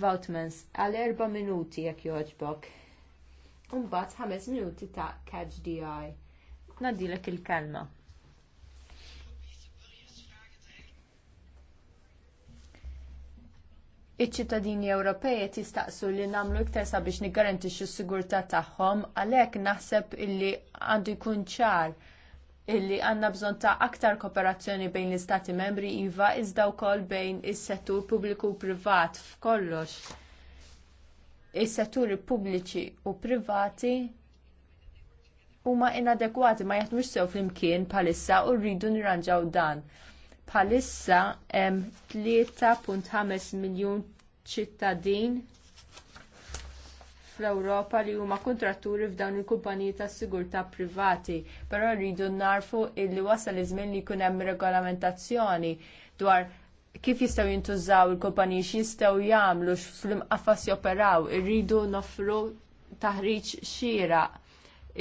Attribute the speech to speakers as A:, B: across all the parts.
A: Voutmans għal erba' minuti jekk jogħġbok. Imbagħad ħames minuti ta' catch DI. Nadilek il-kelma. Iċ-ċittadini Ewropej tistaqsu li nagħmlu iktar sabiex niggarantixxu s-sigurtà tagħhom għalhekk naħseb illi għandu jkun ċar illi għandna bżonn ta' aktar kooperazzjoni bejn l-Istati membri iva iżda wkoll bejn is-settur pubbliku u privat f'kollox. Is-setturi pubbliċi u privati huma inadekwati ma jaħdmux sew flimkien bħalissa u rridu nirranġaw dan. Bħalissa hemm 3.5 miljun ċittadin fl-Ewropa li huma kuntratturi f'dawn il-kumpaniji tas-sigurtà privati, però rridu narfu illi wasal iż-żmien li jkun hemm regolamentazzjoni dwar kif jistgħu jintużaw il-kumpaniji x'jistgħu jagħmlu fl-imqafas joperaw, irridu noffru taħriġ xieraq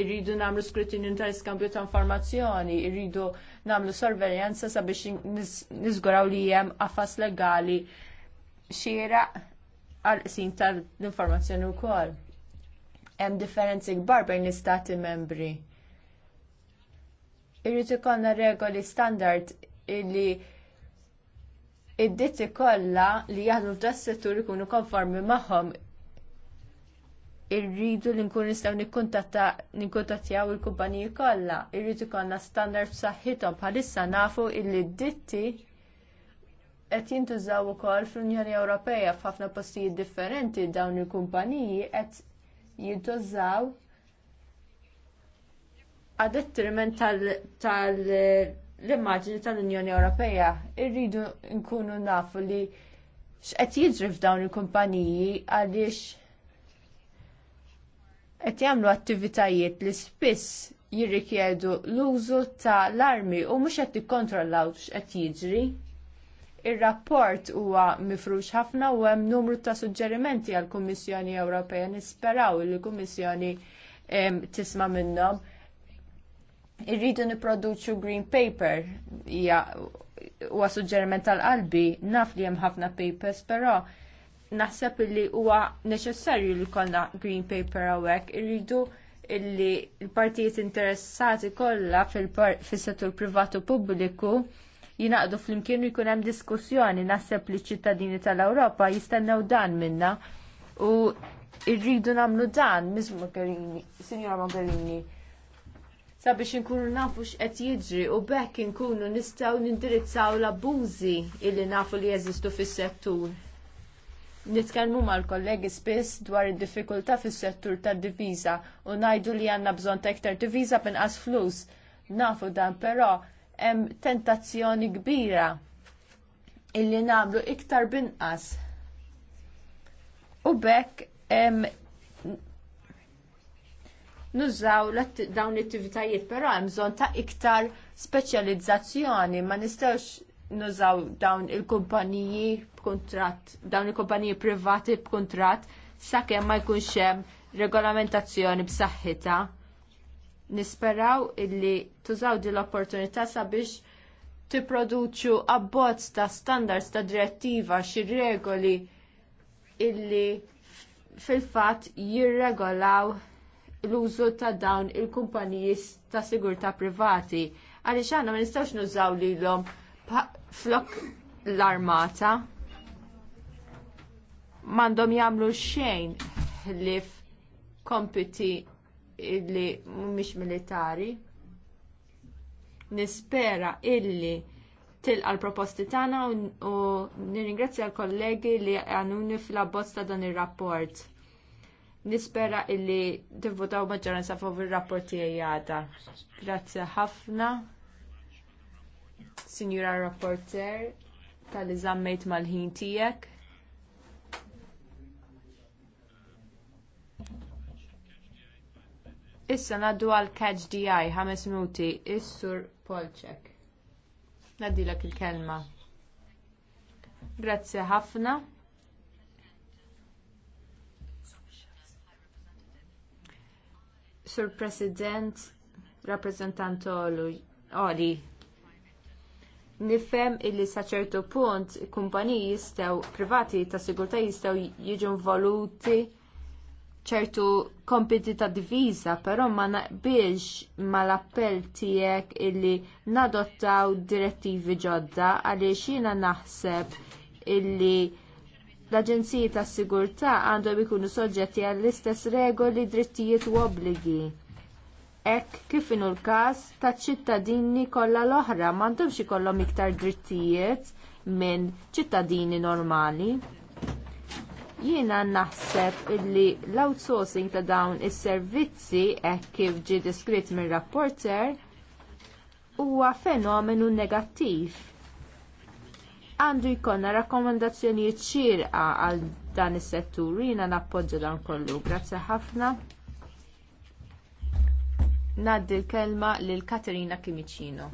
A: irridu namlu skrutinju tal-iskambju ta' informazzjoni, irridu namlu sorveljanza sabiex nizguraw li jem affas legali xiera għal-qsim tal-informazzjoni u hemm differenzi kbar bejn l-istati membri. Irrid ikollna regoli standard illi id-ditti kollha li jaħdmu f'dan settur ikunu konformi magħhom irridu li nkun nistgħu nikkuntattjaw il-kumpaniji kollha, irridu ikollna standard b'saħħithom bħalissa nafu illi d-ditti qed jintużaw ukoll fl-Unjoni Ewropea f'ħafna postijiet differenti dawn il-kumpaniji qed jintużaw għad detriment tal-immaġni tal-Unjoni Ewropea. Irridu nkunu nafu li x'qed jiġri f'dawn il-kumpaniji għaliex qed jagħmlu attivitajiet li spiss jirrikjedu l-użu ta' armi u mhux qed ikkontrollaw x'qed jiġri. Ir-rapport huwa mifrux ħafna u hemm numru ta' suġġerimenti għall kummissjoni Ewropea nisperaw li l-Kummissjoni tisma' minnhom. Irridu nipproduċu green paper hija huwa suġġeriment tal-qalbi naf li hemm ħafna papers però naħseb li huwa neċessarju li jkollna green paper hawnhekk irridu illi l-partijiet interessati kollha fis-settur privat u pubbliku jinaqdu flimkien imkien jkun hemm diskussjoni naħseb li ċ-ċittadini tal-Ewropa jistennew dan minna u irridu nagħmlu dan, Ms. Mogherini, Signora Mogherini sabiex inkunu nafu x'qed jiġri u bekk inkunu nistgħu nindirizzaw l-abbużi illi nafu li jeżistu fis-settur. Nitkellmu mal-kollegi spiss dwar id-diffikultà fis-settur tad-diviża u ngħidu li għandna bżonn ta' iktar diviża b'inqas flus. Nafu dan però hemm tentazzjoni kbira illi nagħmlu iktar binqas. U bekk nużaw dawn l tivitajiet però hemm bżonn ta' iktar speċjalizzazzjoni, ma nistgħux nużaw dawn il-kumpaniji b'kuntratt, dawn il-kumpaniji privati b'kuntratt sakemm ma jkunx hemm regolamentazzjoni b'saħħitha nisperaw illi tużaw di l-opportunità sabiex tipproduċu abbozz ta' standards ta' direttiva xi regoli illi fil-fatt jirregolaw l-użu ta' dawn il-kumpaniji ta' sigurtà privati għaliex għanna ma nistgħux nużaw lilhom flok l-armata m'għandhom jagħmlu xejn f kompiti Illi mhumiex militari. Nispera illi tilqa l-proposti tagħna u nirringrazzja l-kollegi li għanuni fl-abbozz ta' dan ir-rapport. Nispera illi tivvotaw maġġoranza fuq ir-rapport tiegħi għada. Grazzi ħafna, Sinjura Rapporter, tal-li mal-ħin tiegħek. Issa naddu għal catch DI ħames minuti is-sur Polczek. Nadilek il-kelma. Grazzi ħafna. Sur President, rappresentant Oli, nifhem illi sa ċertu punt kumpaniji jistgħu privati ta' sigurtà jistgħu jiġu involuti ċertu kompiti ta' divisa, però ma naqbilx mal-appell tiegħek illi nadottaw direttivi ġodda għaliex jiena naħseb illi l-Aġenziji tas-Sigurtà għandhom ikunu soġġetti għall-istess regoli, drittijiet u obbligi. Hekk kif inu l-każ taċ-ċittadini kollha l-oħra m'għandhomx ikollhom iktar drittijiet minn ċittadini normali. Jiena naħseb li l-outsourcing ta' dawn is-servizzi hekk kif ġie diskritt mir-rapporter huwa fenomenu negattiv. Għandu jkollna rakkomandazzjonijiet xierqa għal dan is-settur jiena nappoġġa dan kollu. Grazzi ħafna. Ngħaddi l-kelma lil Katerina Kimicino.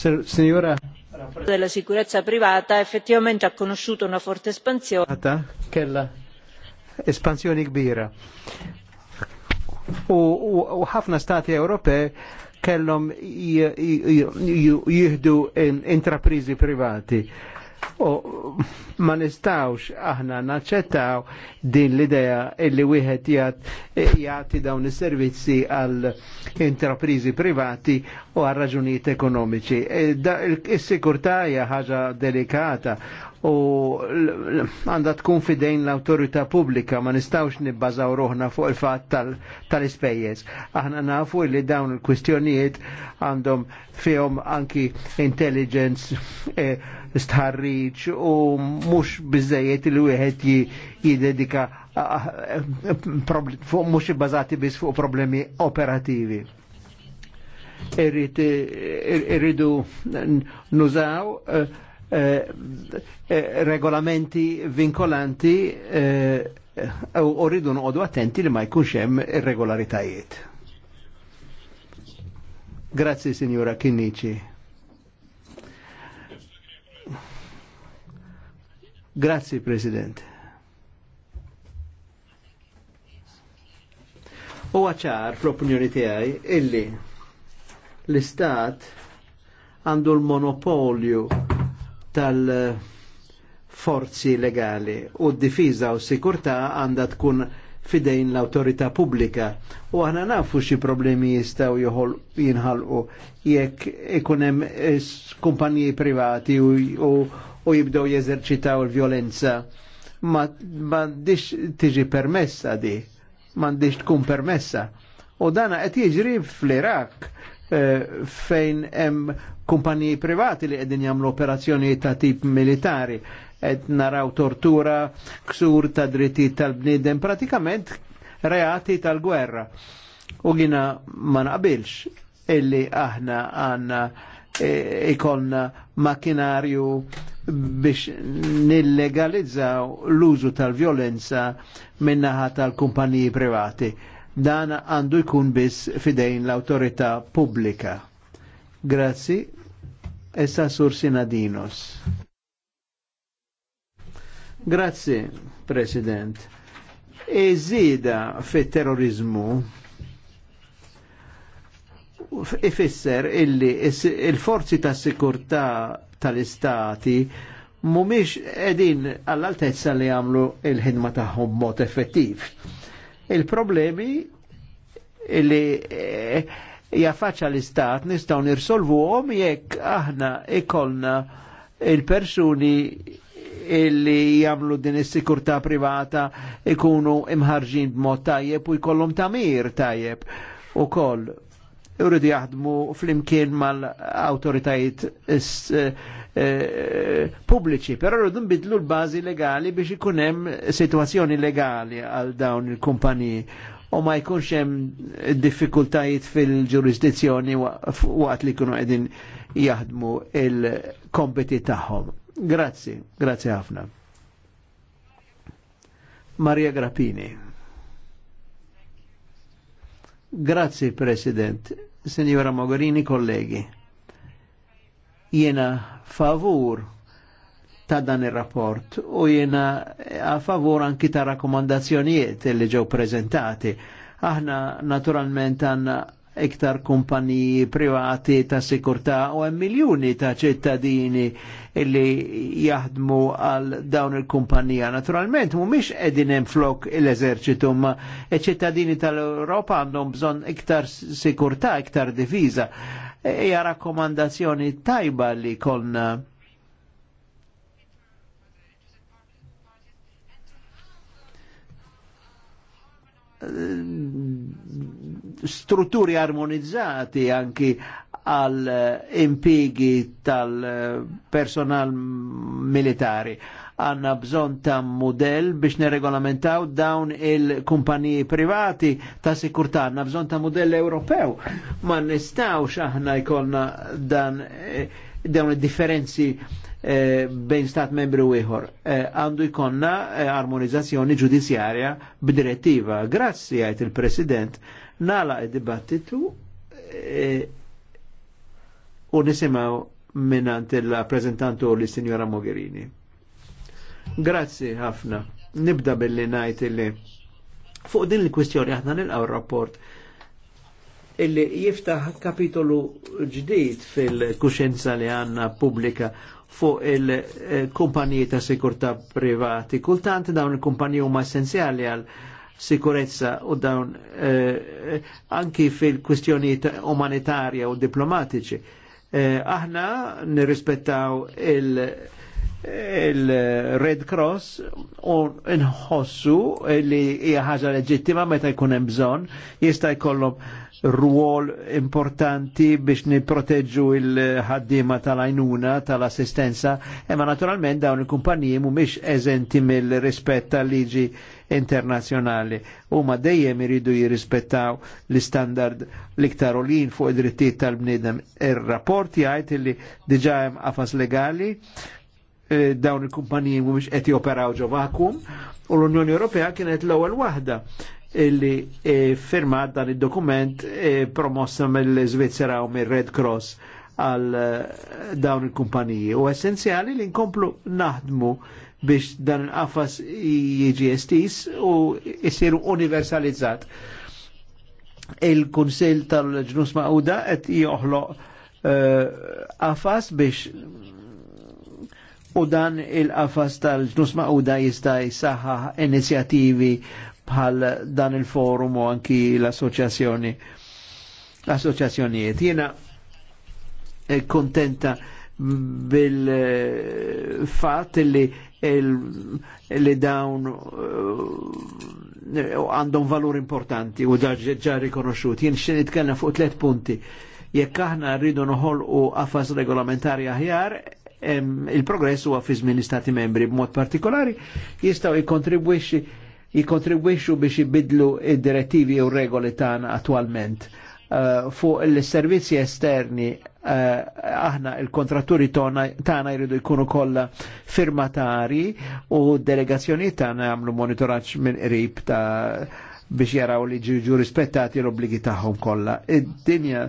B: Signora
A: della sicurezza privata effettivamente ha conosciuto una forte espansione.
B: Kella espansjoni kbira. U ħafna stati Ewropej kellhom jieħdu intraprizi privati U ma nistawx aħna naċċettaw din l-idea illi wieħed jagħti dawn is-servizzi għal intraprizi privati u għal raġunijiet ekonomiċi. E, is sikurtaja ħaġa delikata u għanda tkun fidejn l autorita pubblika ma nistawx nibbażaw roħna fuq il-fatt tal-ispejjeż. Aħna nafu li dawn il-kwistjonijiet għandhom fihom anki intelligence eh, stħarriċ u mhux bizzejiet li wieħed jiddedika eh, mhux bazati biss fuq problemi operativi eh, irridu nużaw Eh, eh, regolamenti vinkolanti eh, u rridu noqogħdu attenti li ma jkunx hemm irregolaritajiet. Grazie Signora Kinnici. Grazie Presidente. U għacħar fl-opinjoni tijaj illi l-Istat għandu l-monopolju tal-forzi legali u d-difiża u sikurtà għandha tkun fidejn l-autorità pubblika. U għana nafu xi problemi jistaw jinħalqu jekk ikunem eh, kumpanji privati u, u, u jibdow jeżerċitaw l violenza Ma, ma tiġi permessa di, ma tkun permessa. U dana qed jiġri fl-Irak Eh, fejn hemm kumpaniji privati li qegħdin jagħmlu operazzjonijiet ta' tip militari qed naraw tortura, ksur ta' drittijiet tal-bniedem, pratikament reati tal-gwerra. U għina ma naqbilx illi aħna għanna e, ikollna makinarju biex nillegalizzaw l-użu tal-violenza minnaħa tal-kumpaniji privati dan għandu jkun biss fidejn l-autorità pubblika. Grazzi, essa sur Sinadinos. Grazzi, President. Iżida fit terrorizmu ifisser illi il-forzi ta' sikurtà tal-istati mumiex edin għall-altezza li għamlu il-ħidma tagħhom mod effettiv il-problemi li eh, jaffaċa l-istat nistaw nirsolvu għom jekk aħna ikolna il-persuni illi jamlu din is-sikurtà privata ikunu imħarġin b'mod tajjeb u jkollhom tamir tajjeb ukoll jridu jaħdmu fl-imkien mal-autoritajiet eh, eh, pubbliċi, però rridu nbidlu l-bażi legali biex ikun hemm sitwazzjoni legali għal dawn il-kumpaniji u ma jkunx hemm diffikultajiet fil-ġurisdizzjoni waqt li jkunu qegħdin jaħdmu il-kompeti tagħhom. Grazzi, grazzi ħafna. Maria Grappini. Grazzi, President. Signora Mogherini, kollegi, jena favur ta' dan il-rapport u jena eh, a favur anki ta' rakomandazzjonijiet li ġew prezentati. Aħna naturalment għanna iktar kumpaniji privati ta' sikurtà u hemm miljuni ta' ċittadini li jaħdmu għal dawn il-kumpanija. Naturalment mhumiex qegħdin hemm flok l-eżerċitu ma ċittadini tal-Europa għandhom bżonn iktar sikurtà, iktar difiża. Hija e rakkomandazzjoni tajba li konna strutturi armonizzati anche għal eh, impieghi tal-personal eh, militari. Għanna bżon ta' model biex neregolamentaw dawn il-kumpaniji privati ta' sikurtà. Għanna bżon ta' modell Ewropew. Ma nistawx aħna jkollna dan eh, dawn il-differenzi Eh, bejn stat Membri u ieħor. Eh, għandu jkonna eh, armonizzazzjoni ġudizzjarja b'direttiva. Grazzi għajt il-President nala id-dibattitu u nisimaw minnant il-rappresentantu li Signora Mogherini. Grazzi ħafna. Nibda billi najt illi fuq din il-kwistjoni aħna nilqaw rapport illi jiftaħ kapitolu ġdid fil-kuxenza li għanna publika fuq il-kumpaniji ta' sikurta privati. Kultant dawn il-kumpaniji huma essenzjali għal sikurezza u dawn eh, anki fil-kwistjoni umanitarja u diplomatiċi. Eh, aħna nirrispettaw il- il-Red Cross u nħossu li hija ħaġa leġittima meta jkun hemm bżonn jista' jkollhom ruol importanti biex niproteġġu il-ħaddiema tal-għajnuna, tal-assistenza, imma naturalment dawn il-kumpaniji mhumiex eżenti mill-rispett tal-liġi internazzjonali. Huma dejjem iridu jirrispettaw l-istandard l-iktar olin fuq id-drittijiet tal-bniedem. Ir-rapport jgħid li diġà hemm legali E, dawn il-kumpaniji mhumiex qed joperaw ġo vakum u l-Unjoni Ewropea kienet l-ewwel waħda illi e, firmat dan id dokument e, promossa mill-Svizzera u mill-Red Cross għal dawn il-kumpaniji. U essenzjali li nkomplu naħdmu biex dan il-qafas jieġi estis u jisiru universalizzat. Il-Kunsil tal-ġnus Mauda qed joħloq qafas biex u dan il-qafas tal-ġnus da jista' jisaha inizjattivi bħal dan il-forum u anki l-assoċjazzjoni l assoċjazzjonijiet. Jiena eh, kontenta bil-fat li li dawn eh, għandhom valur importanti u ġa rikonoxxut. Jien xin kellna fuq tliet punti. Jekk aħna rridu noħolqu qafas regolamentari aħjar, il-progress huwa fi żmien istati membri b'mod partikolari jistgħu jikkontribwixxi jikontribwixxu biex jibidlu id-direttivi u regoli tagħna attwalment. Uh, eh, fuq il-servizzi esterni uh, aħna il-kontratturi tagħna jridu jkunu kollha firmatari u delegazzjoni tagħna jagħmlu monitoraġġ minn qrib ta' biex jaraw li ġiġu rispettati l obligi tagħhom kollha. Id-dinja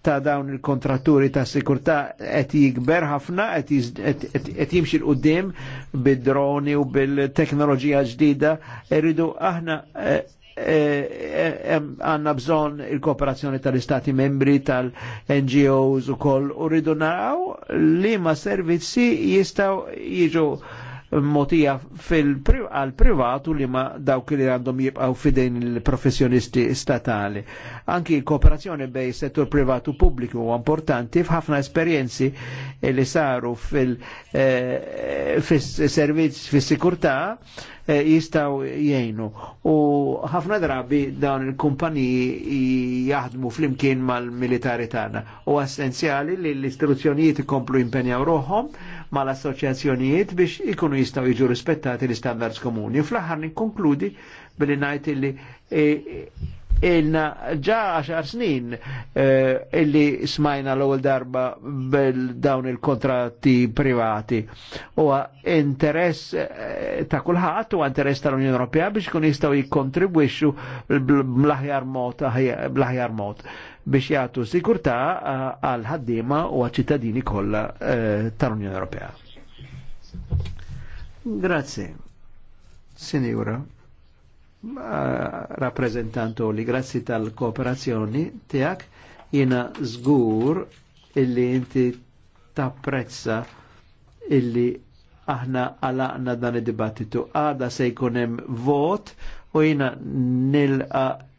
B: ta' dawn il-kontratturi ta' sikurtà qed jikber ħafna, qed jimxi l qudiem bid-droni u bil-teknoloġija ġdida, irridu aħna eh, eh, għanna bżon il-kooperazzjoni tal-istati membri, tal-NGOs u koll, u rridu naraw li ma servizzi jistaw jiġu motija għal-privatu li ma dawk li għandhom jibqaw fidejn il-professjonisti statali. Anki kooperazzjoni bej settur privatu pubbliku u importanti f'ħafna esperienzi li saru fil-servizz eh, fil-sikurta eh, jistaw jgħinu. U ħafna drabi dawn il-kumpaniji jaħdmu fl-imkien mal-militari tagħna. U essenzjali li l istruzzjonijiet ikomplu impenjaw roħhom mal-assoċjazzjonijiet biex ikunu jistaw jiġu rispettati l-standards komuni. Fl-aħħar nikkonkludi billi ngħid li ilna ġa għaxar snin eh, illi smajna l-ewwel darba bel dawn il-kontratti privati. U interess eh, ta' kulħadd u interess tal-Unjoni Ewropea biex kun jistaw jikontribwixu bl-aħjar mod biex jgħatu sikurta eh, għal ħaddima u għal ċittadini kollha tal-Unjoni Ewropea. Grazie. Signora rappresentantu li grazzi tal-kooperazzjoni tijak jena zgur illi inti tapprezza illi aħna għalaqna dan id-dibattitu għada se jkunem vot u jina nilqa